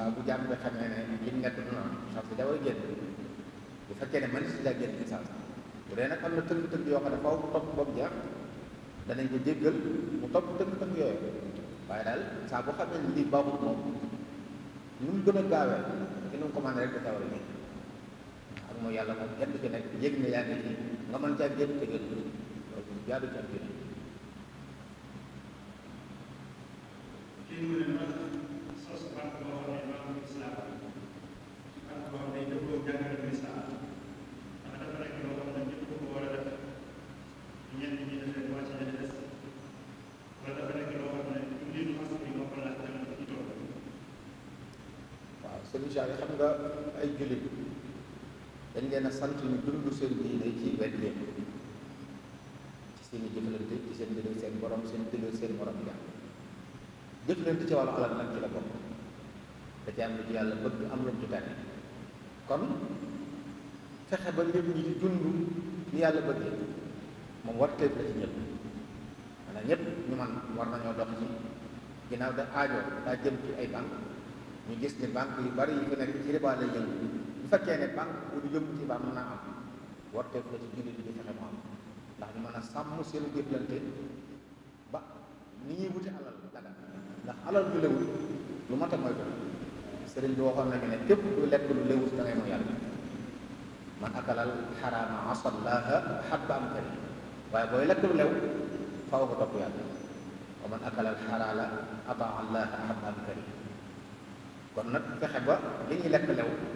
saa bu jàmm nga xam ne ne li mu nekk du noonu saa su bu fekkee ne man si daa génn ci saa si bu dee nag am na tënk-tënk yoo xam ne faaw mu topp boobu jeex danañ ko jéggal mu topp tënk-tënk yooyu waaye daal saa boo xam ne lii baaxul moom nu mu gën a gaawee ci nu mu commandé rek da caa war a ak mooy yàlla moom kenn du ci nekk yëg ne yaa ngi ci nga mën caa génn te génn loolu jaadu ci am Buchari xam nga ay jullit dañ leen sant ñu dund seen diine ci wet leen ci seen i ci seen dëgg seen borom seen dëgg seen borom yàlla jëflante ci wàllu alal nag ci la bokk da ci am lu ci yàlla bëgg am lu ci tànn kon fexe ba ñëpp ñi di dund ni yàlla bëggee moom warteef la ci ñëpp maanaam ñëpp ñu man war nañoo dox ci ginnaaw da aajo daa jëm ci ay banque ñu gis ne banque yu bari yu fi nekk ci riba lay jël bu fekkee ne banque bu ñu yóbbu ci riba mën naa am warteef la ci mu am ndax ñu mën a sàmm seen jëflante ba ni ñuy wuti alal dagal ndax alal lu lewul lu mat a moytu sëriñ ne képp lu lekk lu lewul da ngay mooy yàlla man akalal xaraama asallaha xabba am kari waaye booy lekk lu lew faaw wa man akalal am kari kon nag fexe ba li ñuy lekk lew bu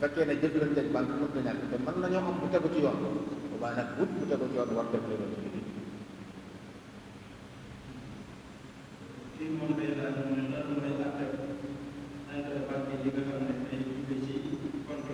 fekkee ne jëflanteeg banque mën na ñàkk te mën nañoo am bu tegu ci yoon boobaa nag wut bu tegu ci yoon war fii moom ci compte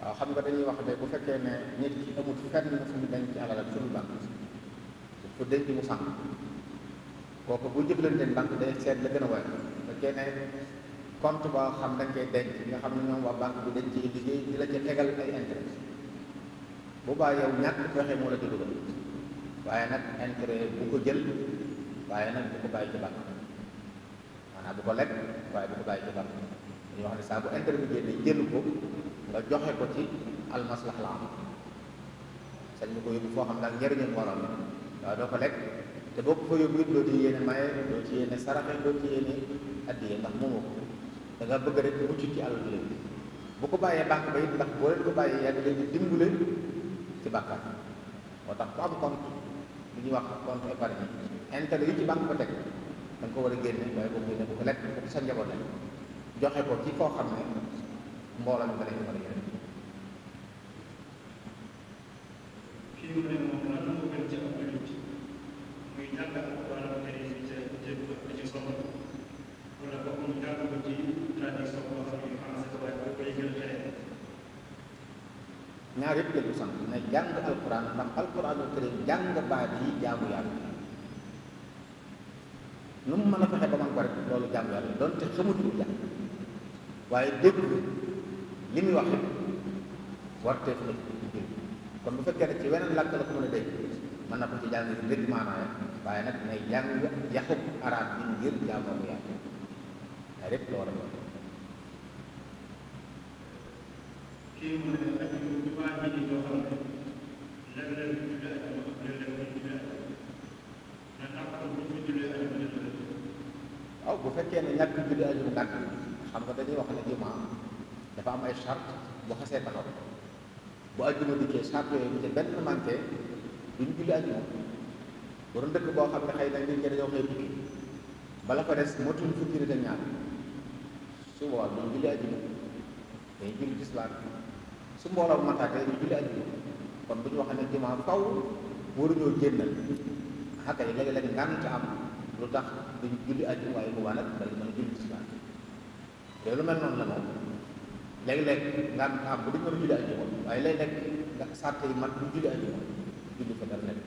waaw xam nga dañuy wax de bu fekkee ne nit ki amul fenn fu mu denc ci alal ak suñu banque su denc mu sànq. kooku bu jëflanteeg banque de seet la gën a war bu fekkee ne compte boo xam dañ koy denc nga xam ne ñoom waa banque bu dañ ciy liggéey di la ca tegal ay intérêt bu baa yow ñàkk fexe moo la ci dugal waaye nag intérêt bu ko jël waaye nag bu ko bàyyi ci banque maanaam bu ko lekk waaye bu ko bàyyi ci banque dañuy wax ne saa bu intérêt bu génne jël ko nga joxe ko ci almaslax la am sañ ñu ko yóbbu foo xam daal njëriñam waroon waaye doo ko lekk te boo ko fa yóbbu it doo ci yéene maye doo ci yéene saraxe doo ci yéene addiye ndax moomoo ko da nga bëgg rek mucc ci àll bi leen bu ko bàyyee bàkk ba it ndax boo leen ko bàyyee yaa ngi leen di dimbale moo tax ku am compte ñuy wax compte épargne intérêt yi ci banque ba teg da nga ko war a génne waaye boobu génne bu ko lekk bu ko sa njaboot la joxe ko ci koo xam ne mbooloo mi nga leen war a ñaar yëpp jël du sant ne jàng alquran ndax alquranul karim jàng baat yi jaamu yàlla nu mu mën a fexe ba man ko rek loolu jaamu yàlla donte xamutul jàng waaye dégg li muy wax warteef la ci dégg kon bu fekkee ne ci weneen làkk la ko mën a dégg mën na ko ci jàng dégg maanaam waaye nag nay jàng yaxub arab bi ngir jaamu yàlla rek la war a kii mu bu ñu na ndax bu ñu jullee am na ne ñàkk xam nga dañuy wax ne juma dafa am ay charte bu xasee taxaw bu ajuma dikkee charte yooyu bu ci benn manqué duñ julli ajuma waroon dëkk boo xam ne xëy na nit ñi dañoo xëy tukki bala ko des motul fukki nit ak ñaar su boobaa julli ajuma dañuy julli tisbaar su mbooloo ma tàkk dañuy julli ajjuma kon bu ñu waxee ne jumaa faw waruñoo génnal xakka yi léeg-léeg ngànt am lu tax duñ julli ajjuma waaye boobaa nag dañu mën a julli tisbaar loolu mel noonu la moom léeg-léeg ngànt am a julli ajjuma waaye léeg-léeg sàrt yi julli fa dara nekk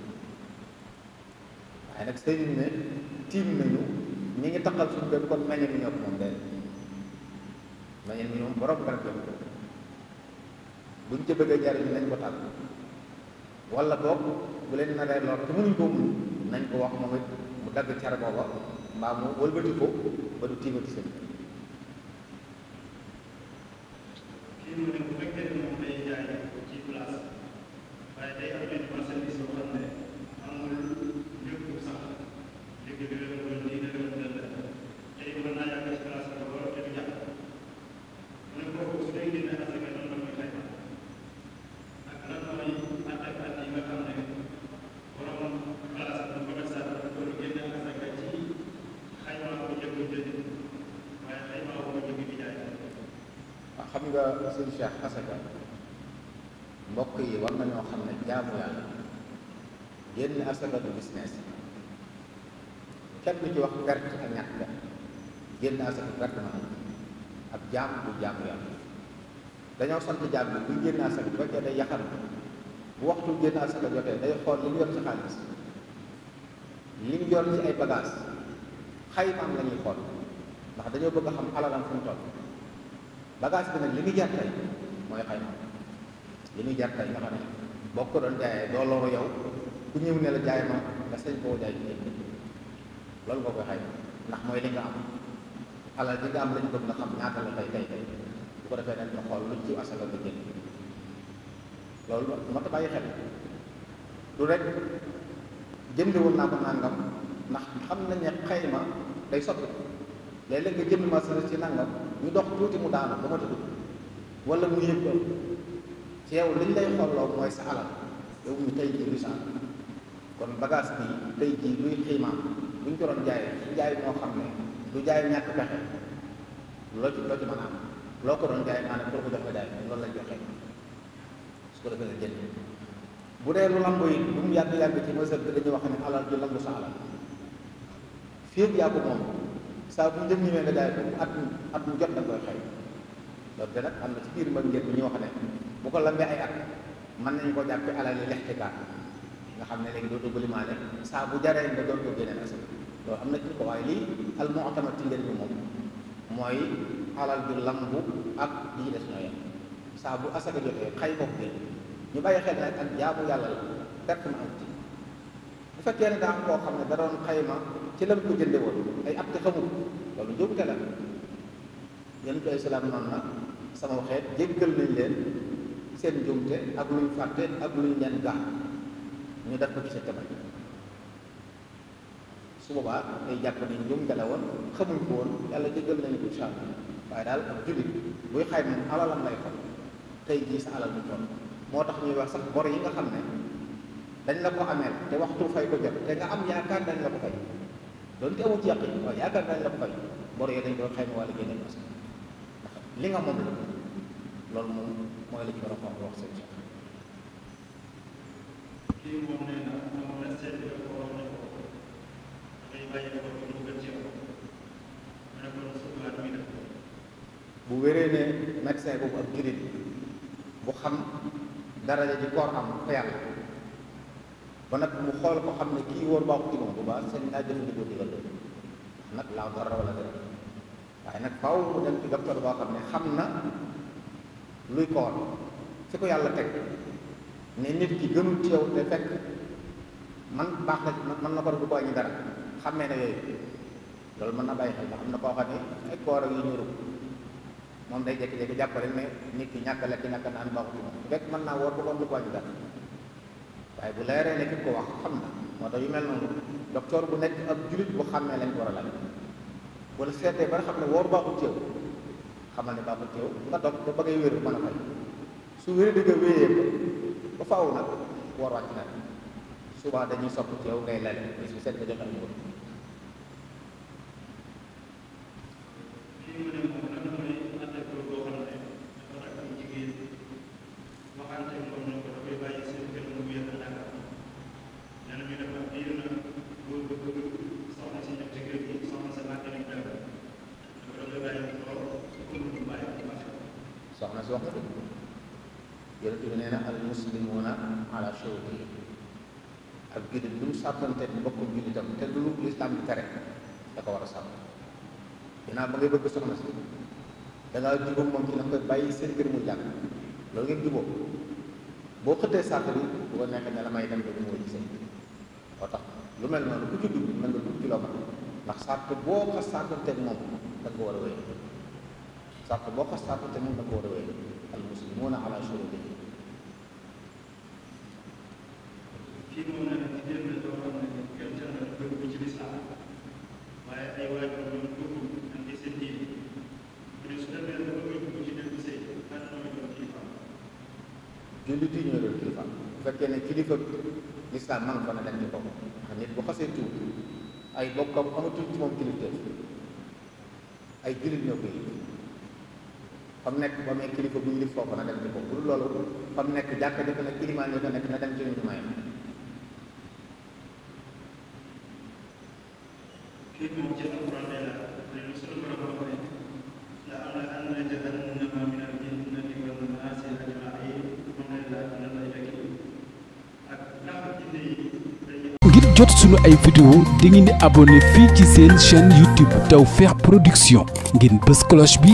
waaye nag sëriñ ne tiim nañu ñi ngi taxal suñu bépp kon nañeen ñoo moom de nañeen mi ñoom borom barab la buñ ca bëggee jariñ nañ ko tàgg wala boog bu leen naree lool te mënuñ ko mun nañ ko wax moom mu dagg car booba mbaa mu wëlbati ko ba du tiimati sëriñ sëñ Cheikh asaka mbokk yi war nañoo xam ne jaamu yàlla génn asaka du business kenn ci wax perte ak ñàkk la génn asaka perte na ak jaam bu jaamu yàlla dañoo sant jaam bi buy génn asaka bu fekkee day yaxal bu waxtu génn asaka jotee day xool li mu yor ci xaalis li mu yor ci ay bagage xaymaam la ñuy xool ndax dañoo bëgg xam alalam fu mu toll bagage bi nag li muy jar tey mooy xayma li muy jar tey nga xam ne boo ko doon jaayee doo loru yow ku ñëw ne la jaay ma nga sañ koo jaay ci loolu nga koy ndax mooy li nga am alal li nga am lañ la tey tey xool luñ ci asaka nga jënd loolu moo tax bàyyi xel du rek jënd woon naa ko nangam ndax xam nañ ne xayma day soppi léeg-léeg nga jënd ma ci nangam. ñu dox tuuti mu daanu ba ma tëdd wala mu yëg ko ci yow liñ lay xolloo mooy sa alal yow ñu tey jii luy sànq kon bagage bi tey jii luy xiimaam buñ ko doon jaay jaay moo xam ne du jaay ñàkk pexe loo ci loo ci ko doon jaay maanaam doo ko def ko jaay loolu lañ joxe su ko defee nga jënd bu dee lu lamb yi bu mu yàgg yàgg ci mësal bi dañuy wax ne alal ju lamb sa alal fépp yaa ko moom saa bu njëg ñëwee nga jaay ko at mu at mu jot da koy fay loolu de nag am na ci biir mbag njëg bi ñu wax ne bu ko lambee ay at mën nañu ko jàppee alal yi lex nga xam ne léegi doo dugg limaane saa bu jaree nga doon ko génne nag loolu am na ci ko waaye lii al mu'tamad ci njëg moom mooy alal ju lambu ak lii des ñoo yem saa bu asaka jotee xay ko génn ñu bàyyi xel ne ak jaamu yàlla la perte ma am ci bu fekkee ne daa am koo xam ne da doon xayma ci lan ko jënde woon ay ab te xamul loolu njuumte la yonent bi ay salaam na sama waxeet jéggal nañ leen seen njuumte ak luñ fàtte ak luñ leen gaax ñu def ko ci seen tabax su boobaa day jàpp ne njuumte la woon xamuñ ko woon yàlla jéggal nañ ko incha allah waaye daal ak jullit buy xayma alalam lay xam tey jii sa alal mu toll moo tax ñuy wax sax bor yi nga xam ne dañ la ko ameel te waxtu fay ko jot te nga am yaakaar dañ la ko fay loolu amu ci yàq yi waaye yaakaar naa ne dafa fay bor dañ koy xayma wala li nga moom la loolu moom mooy la ci war a seen soxla. kii moom nee bi dafa wax ak jurit bu xam daraja ji koor am fa yàlla. ba nag mu xool ko xam ne kii wóor baaxut ci moom bu baax sañ naa jëfandikoo digal nag laa dara wala dara waaye nag faaw mu dem ci docteur boo xam ne xam na luy koor fi ko yàlla teg ne nit ki gënul ci yow te fekk man baax na mën na ko du ko añi dara xammee na yooyu loolu mën na bàyyi xel ndax am na koo xam ne ay koor ak yu ñuru moom day jékki-jékki jàppale ne nit ki ñàkk lekk ñàkk naan baaxut ci moom fekk mën naa woor bu ko du ko añi dara waaye bu leeree ne ki ko wax xam na moo tax yu mel noonu docteur bu nekk ab jullit bu xàmmee lañ war a laaj wala seetee ba xam ne woor baaxul ci yow xamal ne baaxul ci nga dog ba ba wér mën a fay su wér di nga wéyee ko ba faaw nag woor wàcc na subaa dañuy sopp ci yow ngay lale bis bu seet nga jot ak soxna si wax ko dëgg yonent bi nee na al muslimuuna ala shurutihi ak jullit lu mu sàmmante mbokkum jullitam te lu mu lislaam bi tere da ko war a sàmm ginnaaw ba ngay bëgg soxna si da bàyyi seen mu jàng loolu ngeen jubóog boo xëttee sàkk ko nekk ne la may dem ba mu wëcc seen moo tax lu mel noonu ku ci dugg mën nga dugg ci ndax sàkk boo ko sàkkante moom da ko war a wéy sart boo ko sart tamit da koo réwél al muslimuuna ala shurutihim fii mu ne ci démb la waaye ay waajur ñoom bokkul ak seen diine mais su kilifa bu fekkee ne kilifa lislaam man ay bokkam amatul ci fam nekk bu amee kilifa bu ñu ngir jot sunu ay vidéo di ngeen di abonné fii ci seen chaîne YouTube Tawfekh Production ngeen bës cloche bi